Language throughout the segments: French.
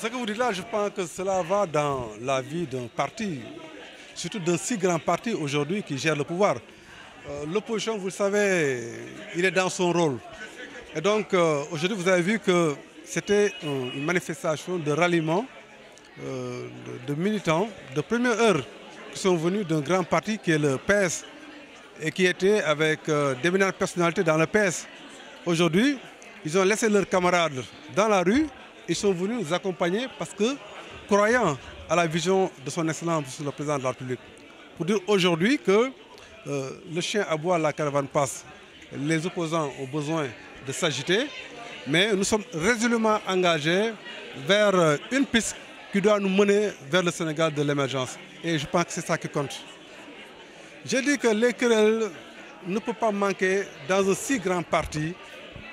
ce que vous dites là, je pense que cela va dans la vie d'un parti, surtout d'un si grand parti aujourd'hui qui gère le pouvoir. Euh, l'opposition, vous le savez, il est dans son rôle. Et donc, euh, aujourd'hui, vous avez vu que c'était une manifestation de ralliement euh, de, militants de première heure qui sont venus d'un grand parti qui est le PS et qui était avec des d'éminentes personnalités dans le PS. Aujourd'hui, ils ont laissé leurs camarades dans la rue ils sont venus nous accompagner parce que, croyant à la vision de son excellence le président de la République, pour dire aujourd'hui que euh, le chien à aboie, la caravane passe, les opposants ont besoin de s'agiter, mais nous sommes résolument engagés vers euh, une piste qui doit nous mener vers le Sénégal de l'émergence. Et je pense que c'est ça qui compte. J'ai dit que les ne peut pas manquer dans un si grand parti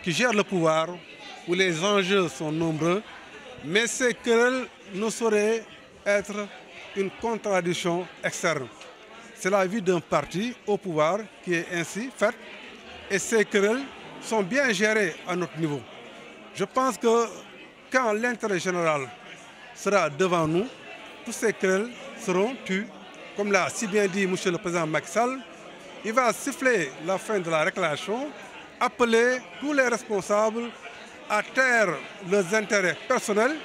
qui gère le pouvoir où les enjeux sont nombreux, mais ces querelles ne sauraient être une contradiction externe. C'est la vie d'un parti au pouvoir qui est ainsi faite et ces querelles sont bien gérées à notre niveau. Je pense que quand l'intérêt général sera devant nous, tous ces querelles seront tues. Comme l'a si bien dit M. le Président Maxal, il va siffler la fin de la réclamation, appeler tous les responsables à terre leurs intérêts personnels,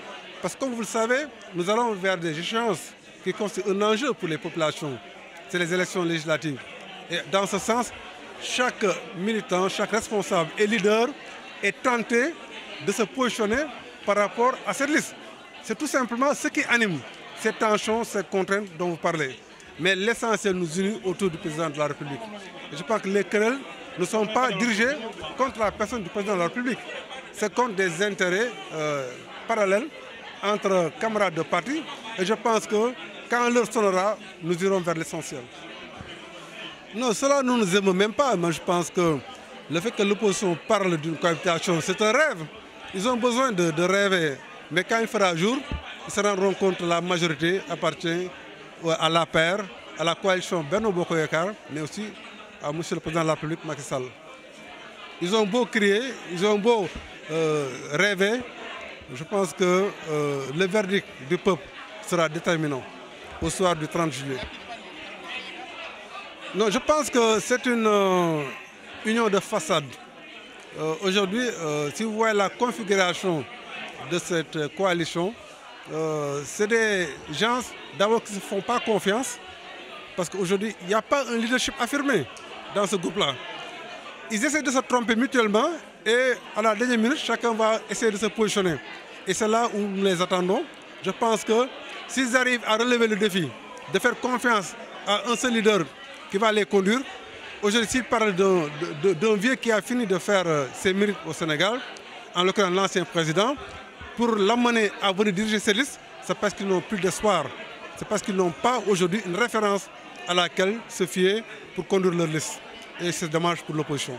parce que comme vous le savez, nous allons vers des échéances qui constituent un enjeu pour les populations. C'est les élections législatives. Et dans ce sens, chaque militant, chaque responsable et leader est tenté de se positionner par rapport à cette liste. C'est tout simplement ce qui anime ces tensions, ces contraintes dont vous parlez. Mais l'essentiel nous unit autour du président de la République. je pense que les querelles ne sont pas dirigées contre la personne du président de la République c'est contre des intérêts euh, parallèles entre camarades de parti. Et je pense que quand l'heure sonnera, nous irons vers l'essentiel. Non, cela nous ne nous aimons même pas. mais je pense que le fait que l'opposition parle d'une cohabitation, c'est un rêve. Ils ont besoin de, rêver. Mais quand il fera jour, ils se rendront compte que la majorité appartient à la paire, à la coalition Beno Bokoyakar, mais aussi à M. le Président de la République, Macky Sall. Ils ont beau crier, ils ont beau euh, rêver, je pense que euh, le verdict du peuple sera déterminant au soir du 30 juillet. Non, je pense que c'est une euh, union de façade. Aujourd'hui, si vous voyez la configuration de cette coalition, c'est des gens d'abord qui ne font pas confiance parce qu'aujourd'hui, il n'y a pas un leadership affirmé dans ce groupe-là. Ils essaient de se tromper mutuellement et à la dernière minute, chacun va essayer de se positionner. Et c'est là où nous les attendons. Je pense que s'ils arrivent à relever le défi, de faire confiance à un seul leader qui va les conduire, aujourd'hui, s'ils parlent d'un vieux qui a fini de faire euh, ses mérites au Sénégal, en l'occurrence l'ancien président, pour l'amener à venir diriger ses listes, c'est parce qu'ils n'ont plus d'espoir. C'est parce qu'ils n'ont pas aujourd'hui une référence à laquelle se fier pour conduire leur liste. Et c'est dommage pour l'opposition.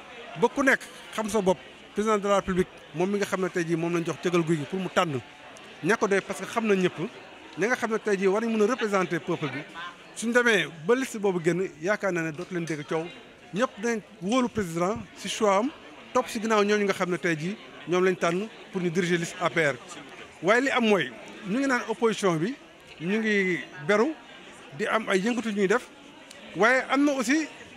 ba ku nekk xam sa bopp président de la république moom mi nga xam ne tey jii moom lañ jox cëgal guy gi pour mu tànn ña ko doy parce que xam na ñëpp ñi nga xam ne tey jii war nañ mën a représenter peuple bi suñ demee ba liste boobu génn yaakaar naa ne dootu leen dégg coow ñëpp dañ woolu président si choix am topp si ñoo ñu nga xam ne tey jii ñoom lañu tànn pour ñu diriger liste APR. waaye li am mooy ñu ngi naan opposition bi ñu ngi beru di am ay yëngatu ñuy def waaye am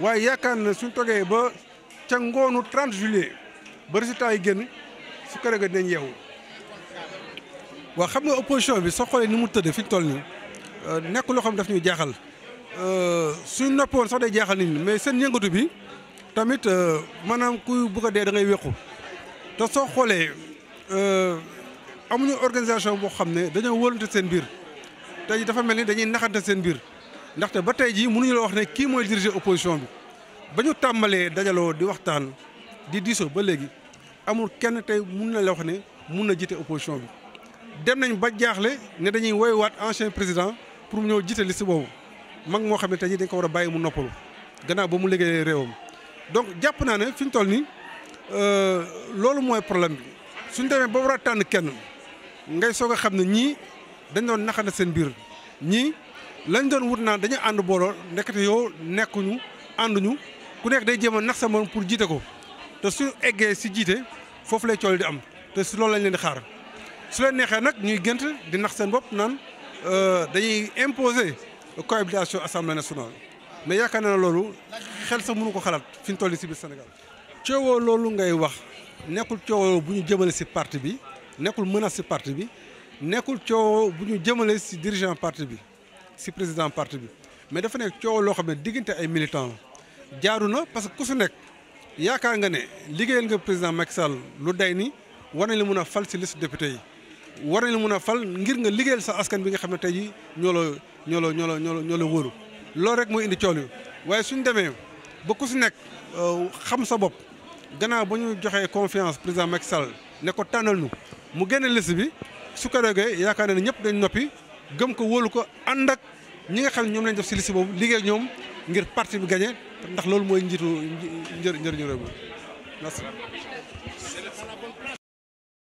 waaye yaakaar na suñ togee ba ca ngoonu 30 juillet ba résultat yi génn su ko defee dinañ yeewu. waaw xam nga opposition bi soo xoolee ni mu tëdd fi ñu toll nii euh, nekk loo xam daf ñuy jaaxal euh, suñ noppi woon sax day jaaxal nit mais seen yëngatu bi tamit euh, maanaam kuy bugg dee da ngay te soo xoolee amuñu organisation boo xam ne dañoo wóolante seen biir tey dafa mel ni dañuy naxante seen biir. ndaxte ba tey jii mënuñu la wax ne kii mooy diriger opposition bi ba ñu tàmbalee dajaloo di waxtaan di diisoo ba léegi amul kenn tey mu na la wax ne mun na jiite opposition bi dem nañu ba jaaxle ne dañuy woywaat ancien président pour mu ñëw jiite liste boobu mag moo xam ne tey jii dañ ko war a bàyyi mu noppalu gannaaw ba mu liggéeyee réewam. donc jàpp naa ne fi ñu toll nii euh, loolu mooy problème bi suñ demee ba war a tànn kenn ngay soog a xam ne ñii dañ doon naxante seen biir ñii. lañ doon wut naan dañu ànd booloo nekkate yow nekkuñu ànduñu ku nekk day jéem a nax sa morom pour jiite ko te su eggee si jiite foofu lay cool di am te si loolu lañ leen di xaar su leen neexee nag ñuy gënt di nax seen bopp naan euh, dañuy imposer cohabitation assemblée nationale mais yaakaar naa loolu xel sa mënu ko xalaat fi ñu toll si biir Sénégal. coowoo loolu ngay wax nekkul coowoo bu ñu jëmale si partie bi nekkul menace si partie bi nekkul coowoo bu ñu jëmale si dirigeant parti bi. si président parti bi mais dafa nek coow lo xamné ne ay militants la parce que ku si nekk yaakaar nga né ligéel nga président Macky Sall lu day ni war nañ la fal si liste député yi war nañ la fal ngir nga ligéel sa askan bi nga xamné tay tey ñolo ñolo ñolo ñolo la ñoo la rek moy indi coow yi waaye suñ demee ba ku si nekk euh, xam sa bop gannaaw ba ñu joxee confiance président Macky Sall né ko tànnal ñu mu génne liste bi su ko déggee yaakaar na ñëpp dañ noppi. gëm ko wóolu ko ànd ak ñi nga xam ñoom lañ def si boobu liggéey ñoom ngir parti bi gagné ndax loolu mooy njiitu njëriñu réew mi merci